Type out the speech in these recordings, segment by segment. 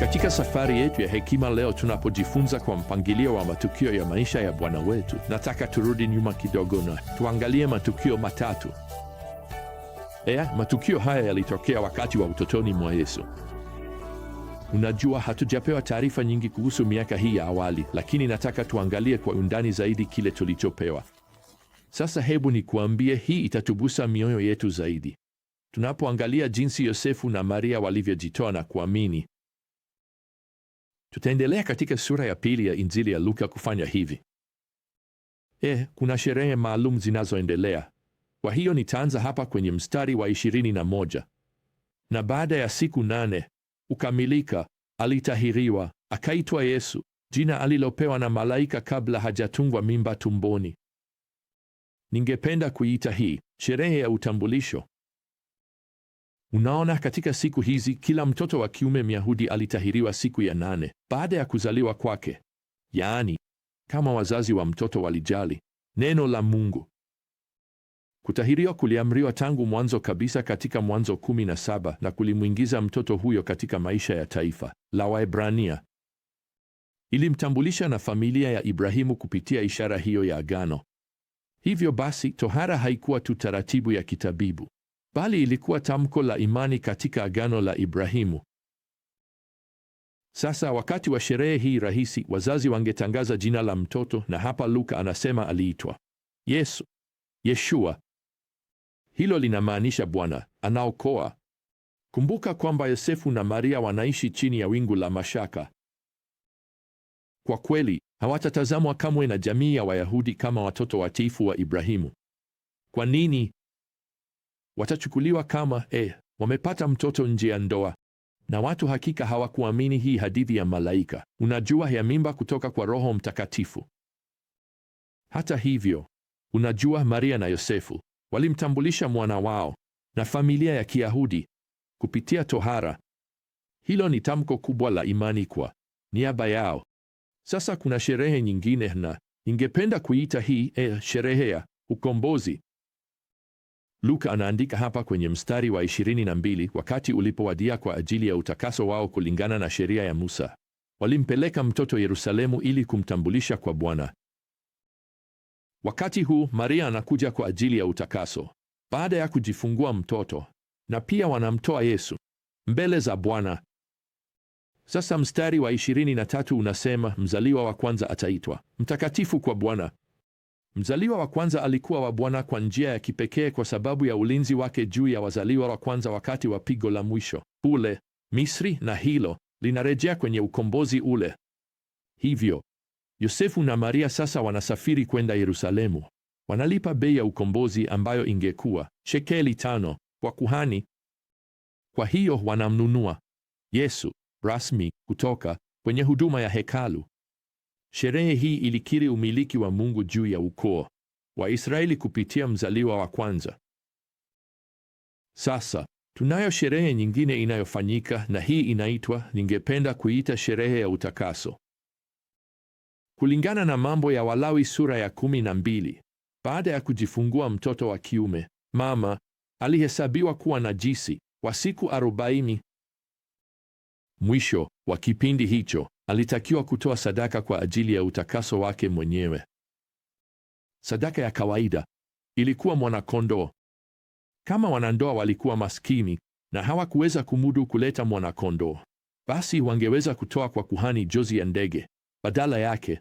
Katika safari yetu ya hekima leo tunapojifunza kwa mpangilio wa matukio ya maisha ya Bwana wetu, nataka turudi nyuma kidogo na tuangalie matukio matatu. Ea, eh, matukio haya yalitokea wakati wa utotoni mwa Yesu. Unajua, hatujapewa taarifa nyingi kuhusu miaka hii ya awali, lakini nataka tuangalie kwa undani zaidi kile tulichopewa. Sasa hebu nikuambie, hii itatugusa mioyo yetu zaidi tunapoangalia jinsi Yosefu na Maria walivyojitoa na kuamini Tutaendelea katika sura ya e pili ya Injili ya Luka kufanya hivi. E, kuna sherehe maalum zinazoendelea. Kwa hiyo nitaanza hapa kwenye mstari wa ishirini na moja. Na baada ya siku nane ukamilika, alitahiriwa akaitwa Yesu, jina alilopewa na malaika kabla hajatungwa mimba tumboni. Ningependa kuita hii sherehe ya utambulisho Unaona, katika siku hizi kila mtoto wa kiume Myahudi alitahiriwa siku ya nane baada ya kuzaliwa kwake, yaani kama wazazi wa mtoto walijali neno la Mungu. Kutahiriwa kuliamriwa tangu mwanzo kabisa katika Mwanzo 17 na kulimwingiza mtoto huyo katika maisha ya taifa la Waebrania. Ilimtambulisha na familia ya Ibrahimu kupitia ishara hiyo ya agano. Hivyo basi, tohara haikuwa tu taratibu ya kitabibu, bali ilikuwa tamko la imani katika agano la Ibrahimu. Sasa wakati wa sherehe hii rahisi, wazazi wangetangaza jina la mtoto, na hapa Luka anasema aliitwa Yesu, Yeshua. Hilo linamaanisha Bwana anaokoa. Kumbuka kwamba Yosefu na Maria wanaishi chini ya wingu la mashaka. Kwa kweli hawatatazamwa kamwe na jamii ya Wayahudi kama watoto watiifu wa Ibrahimu. Kwa nini? watachukuliwa kama eh, wamepata mtoto nje ya ndoa. Na watu hakika hawakuamini hii hadithi ya malaika, unajua, ya mimba kutoka kwa Roho Mtakatifu. Hata hivyo, unajua, Maria na Yosefu walimtambulisha mwana wao na familia ya Kiyahudi kupitia tohara. Hilo ni tamko kubwa la imani kwa niaba yao. Sasa kuna sherehe nyingine, na ningependa kuita hii eh, sherehe ya ukombozi. Luka anaandika hapa kwenye mstari wa 22, wakati ulipowadia kwa ajili ya utakaso wao kulingana na sheria ya Musa, walimpeleka mtoto Yerusalemu ili kumtambulisha kwa Bwana. Wakati huu Maria anakuja kwa ajili ya utakaso baada ya kujifungua mtoto, na pia wanamtoa Yesu mbele za Bwana. Sasa mstari wa 23 unasema, mzaliwa wa kwanza ataitwa mtakatifu kwa Bwana. Mzaliwa wa kwanza alikuwa wa Bwana kwa njia ya kipekee kwa sababu ya ulinzi wake juu ya wazaliwa wa kwanza wakati wa pigo la mwisho kule Misri, na hilo linarejea kwenye ukombozi ule. Hivyo Yosefu na Maria sasa wanasafiri kwenda Yerusalemu. Wanalipa bei ya ukombozi ambayo ingekuwa shekeli tano kwa kuhani. Kwa hiyo wanamnunua Yesu rasmi kutoka kwenye huduma ya hekalu. Sherehe hii ilikiri umiliki wa Mungu juu ya ukoo wa Israeli kupitia mzaliwa wa kwanza. Sasa tunayo sherehe nyingine inayofanyika na hii inaitwa, ningependa kuita sherehe ya utakaso. Kulingana na Mambo ya Walawi sura ya kumi na mbili, baada ya kujifungua mtoto wa kiume, mama alihesabiwa kuwa najisi kwa siku arobaini. Mwisho wa kipindi hicho alitakiwa kutoa sadaka kwa ajili ya utakaso wake mwenyewe. Sadaka ya kawaida ilikuwa mwanakondoo. Kama wanandoa walikuwa maskini na hawakuweza kumudu kuleta mwanakondoo, basi wangeweza kutoa kwa kuhani jozi ya ndege badala yake.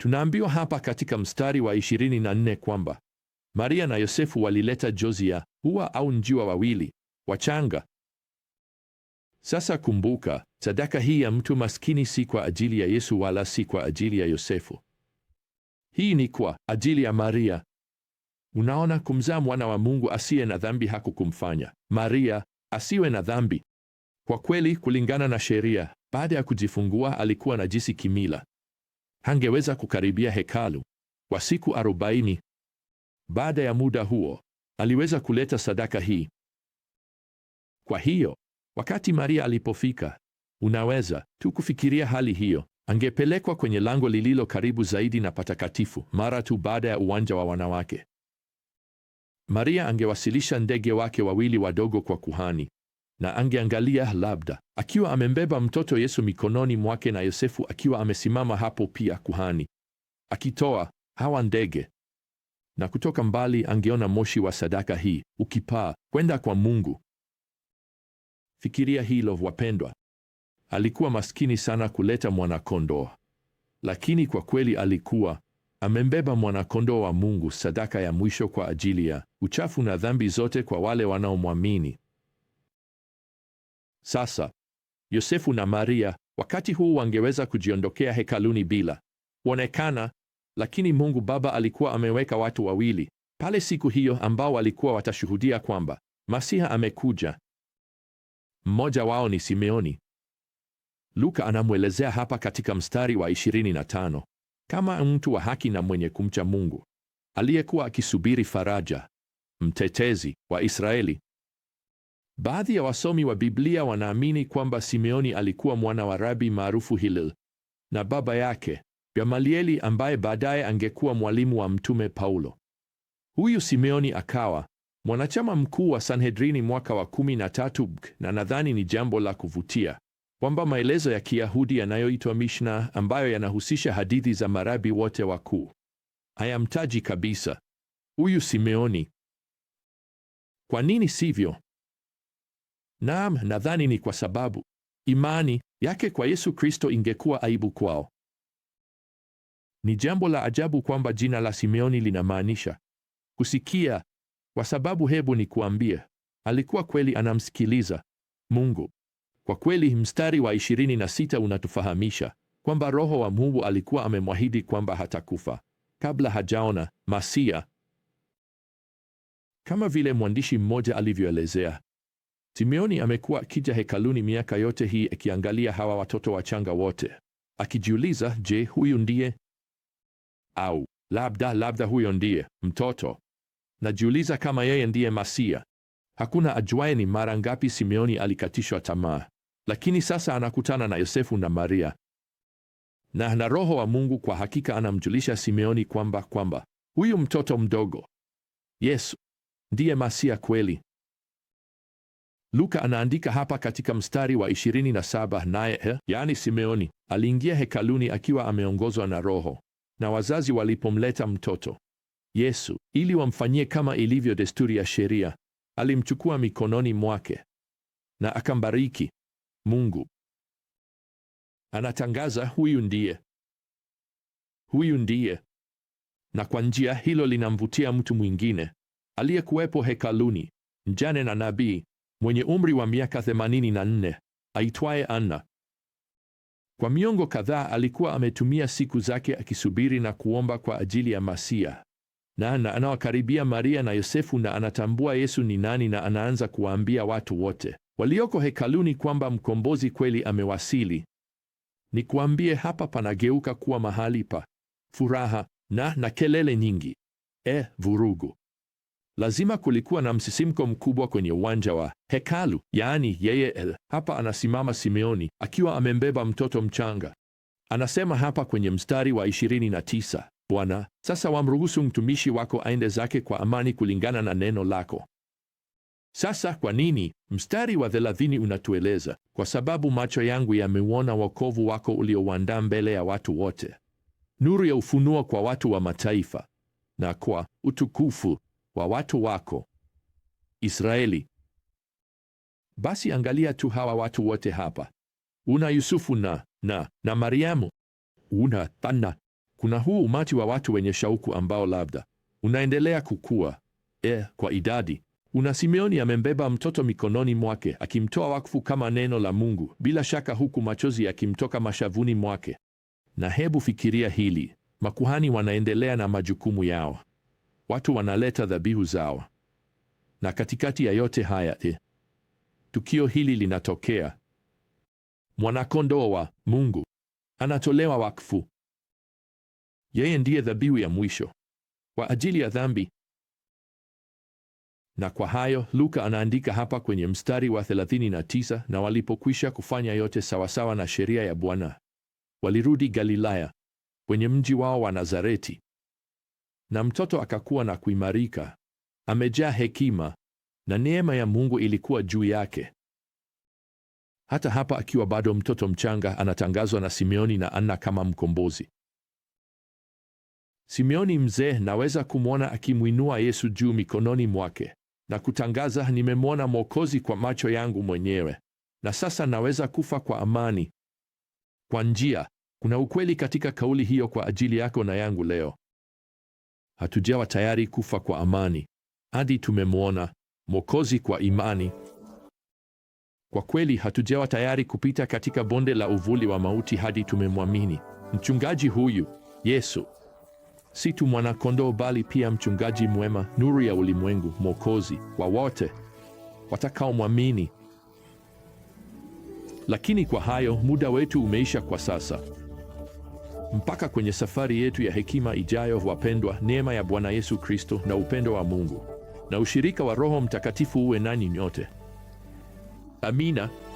Tunaambiwa hapa katika mstari wa 24 kwamba Maria na Yosefu walileta jozi ya hua au njiwa wawili wachanga sasa kumbuka, sadaka hii ya mtu maskini si kwa ajili ya Yesu wala si kwa ajili ya Yosefu. Hii ni kwa ajili ya Maria. Unaona, kumzaa mwana wa Mungu asiye na dhambi hakukumfanya Maria asiwe na dhambi. Kwa kweli, kulingana na sheria, baada ya kujifungua alikuwa najisi kimila, hangeweza kukaribia hekalu kwa siku arobaini. Baada ya muda huo aliweza kuleta sadaka hii. Kwa hiyo Wakati Maria alipofika, unaweza tu kufikiria hali hiyo. Angepelekwa kwenye lango lililo karibu zaidi na patakatifu mara tu baada ya uwanja wa wanawake. Maria angewasilisha ndege wake wawili wadogo kwa kuhani na angeangalia, labda akiwa amembeba mtoto Yesu mikononi mwake na Yosefu akiwa amesimama hapo pia, kuhani akitoa hawa ndege, na kutoka mbali angeona moshi wa sadaka hii ukipaa kwenda kwa Mungu. Fikiria hilo wapendwa. Alikuwa maskini sana kuleta mwanakondoo, lakini kwa kweli alikuwa amembeba mwanakondoo wa Mungu, sadaka ya mwisho kwa ajili ya uchafu na dhambi zote kwa wale wanaomwamini. Sasa Yosefu na Maria wakati huu wangeweza kujiondokea hekaluni bila kuonekana, lakini Mungu Baba alikuwa ameweka watu wawili pale siku hiyo ambao walikuwa watashuhudia kwamba Masiha amekuja mmoja wao ni Simeoni. Luka anamwelezea hapa katika mstari wa 25 kama mtu wa haki na mwenye kumcha Mungu aliyekuwa akisubiri faraja, mtetezi wa Israeli. Baadhi ya wasomi wa Biblia wanaamini kwamba Simeoni alikuwa mwana wa rabi maarufu Hillel na baba yake Gamalieli ambaye baadaye angekuwa mwalimu wa mtume Paulo. Huyu Simeoni akawa mwanachama mkuu wa Sanhedrini mwaka wa 13 na nadhani ni jambo la kuvutia kwamba maelezo ya Kiyahudi yanayoitwa Mishna ambayo yanahusisha hadithi za marabi wote wakuu hayamtaji kabisa huyu Simeoni. Kwa nini sivyo? Naam, nadhani ni kwa sababu imani yake kwa Yesu Kristo ingekuwa aibu kwao. Ni jambo la ajabu kwamba jina la Simeoni linamaanisha kusikia kwa sababu hebu nikuambie, alikuwa kweli anamsikiliza Mungu. Kwa kweli mstari wa 26 unatufahamisha kwamba Roho wa Mungu alikuwa amemwahidi kwamba hatakufa kabla hajaona Masia. Kama vile mwandishi mmoja alivyoelezea, Simeoni amekuwa akija hekaluni miaka yote hii akiangalia hawa watoto wachanga wote, akijiuliza, je, huyu ndiye au labda labda huyo ndiye mtoto Najiuliza kama yeye ndiye Masia. Hakuna ajuaye ni mara ngapi Simeoni alikatishwa tamaa, lakini sasa anakutana na Yosefu na Maria na na Roho wa Mungu kwa hakika anamjulisha Simeoni kwamba kwamba huyu mtoto mdogo Yesu ndiye Masia kweli. Luka anaandika hapa katika mstari wa 27, naye yani Simeoni aliingia hekaluni akiwa ameongozwa na Roho, na wazazi walipomleta mtoto Yesu ili wamfanyie kama ilivyo desturi ya sheria. Alimchukua mikononi mwake na akambariki. Mungu anatangaza, huyu ndiye, huyu ndiye. Na kwa njia hilo linamvutia mtu mwingine aliyekuwepo hekaluni, mjane na nabii mwenye umri wa miaka 84 aitwaye Anna. Kwa miongo kadhaa alikuwa ametumia siku zake akisubiri na kuomba kwa ajili ya Masia na na anawakaribia Maria na Yosefu na anatambua Yesu ni nani, na anaanza kuwaambia watu wote walioko hekaluni kwamba mkombozi kweli amewasili. ni kuambie hapa panageuka kuwa mahali pa furaha na na kelele nyingi, e vurugu. Lazima kulikuwa na msisimko mkubwa kwenye uwanja wa hekalu, yaani Yeyeel. Hapa anasimama Simeoni akiwa amembeba mtoto mchanga. Anasema hapa kwenye mstari wa 29 Bwana, sasa wamruhusu mtumishi wako aende zake kwa amani kulingana na neno lako. Sasa kwa nini? Mstari wa thelathini unatueleza, kwa sababu macho yangu yameuona wokovu wako uliouandaa mbele ya watu wote, nuru ya ufunuo kwa watu wa mataifa, na kwa utukufu wa watu wako Israeli. Basi angalia tu hawa watu wote hapa, una Yusufu na na na Mariamu, una Thana kuna huu umati wa watu wenye shauku ambao labda unaendelea kukua e, kwa idadi. Una Simeoni amembeba mtoto mikononi mwake akimtoa wakfu kama neno la Mungu, bila shaka, huku machozi yakimtoka mashavuni mwake. Na hebu fikiria hili, makuhani wanaendelea na majukumu yao, watu wanaleta dhabihu zao, na katikati ya yote haya e, tukio hili linatokea, mwanakondoo wa Mungu anatolewa wakfu. Yeye ndiye dhabihu ya mwisho kwa ajili ya dhambi. Na kwa hayo Luka anaandika hapa kwenye mstari wa 39, na, na walipokwisha kufanya yote sawasawa na sheria ya Bwana walirudi Galilaya kwenye mji wao wa Nazareti. Na mtoto akakuwa na kuimarika, amejaa hekima na neema ya Mungu ilikuwa juu yake. Hata hapa akiwa bado mtoto mchanga, anatangazwa na Simeoni na Anna kama mkombozi. Simeoni mzee naweza kumwona akimwinua Yesu juu mikononi mwake na kutangaza, nimemwona Mwokozi kwa macho yangu mwenyewe, na sasa naweza kufa kwa amani. Kwa njia, kuna ukweli katika kauli hiyo kwa ajili yako na yangu leo. Hatujawa tayari kufa kwa amani hadi tumemwona Mwokozi kwa imani. Kwa kweli, hatujawa tayari kupita katika bonde la uvuli wa mauti hadi tumemwamini mchungaji huyu Yesu si tu mwanakondoo bali pia mchungaji mwema, nuru ya ulimwengu, mwokozi wa wote watakaomwamini. Lakini kwa hayo, muda wetu umeisha kwa sasa. Mpaka kwenye safari yetu ya hekima ijayo, wapendwa, neema ya Bwana Yesu Kristo na upendo wa Mungu na ushirika wa Roho Mtakatifu uwe nanyi nyote. Amina.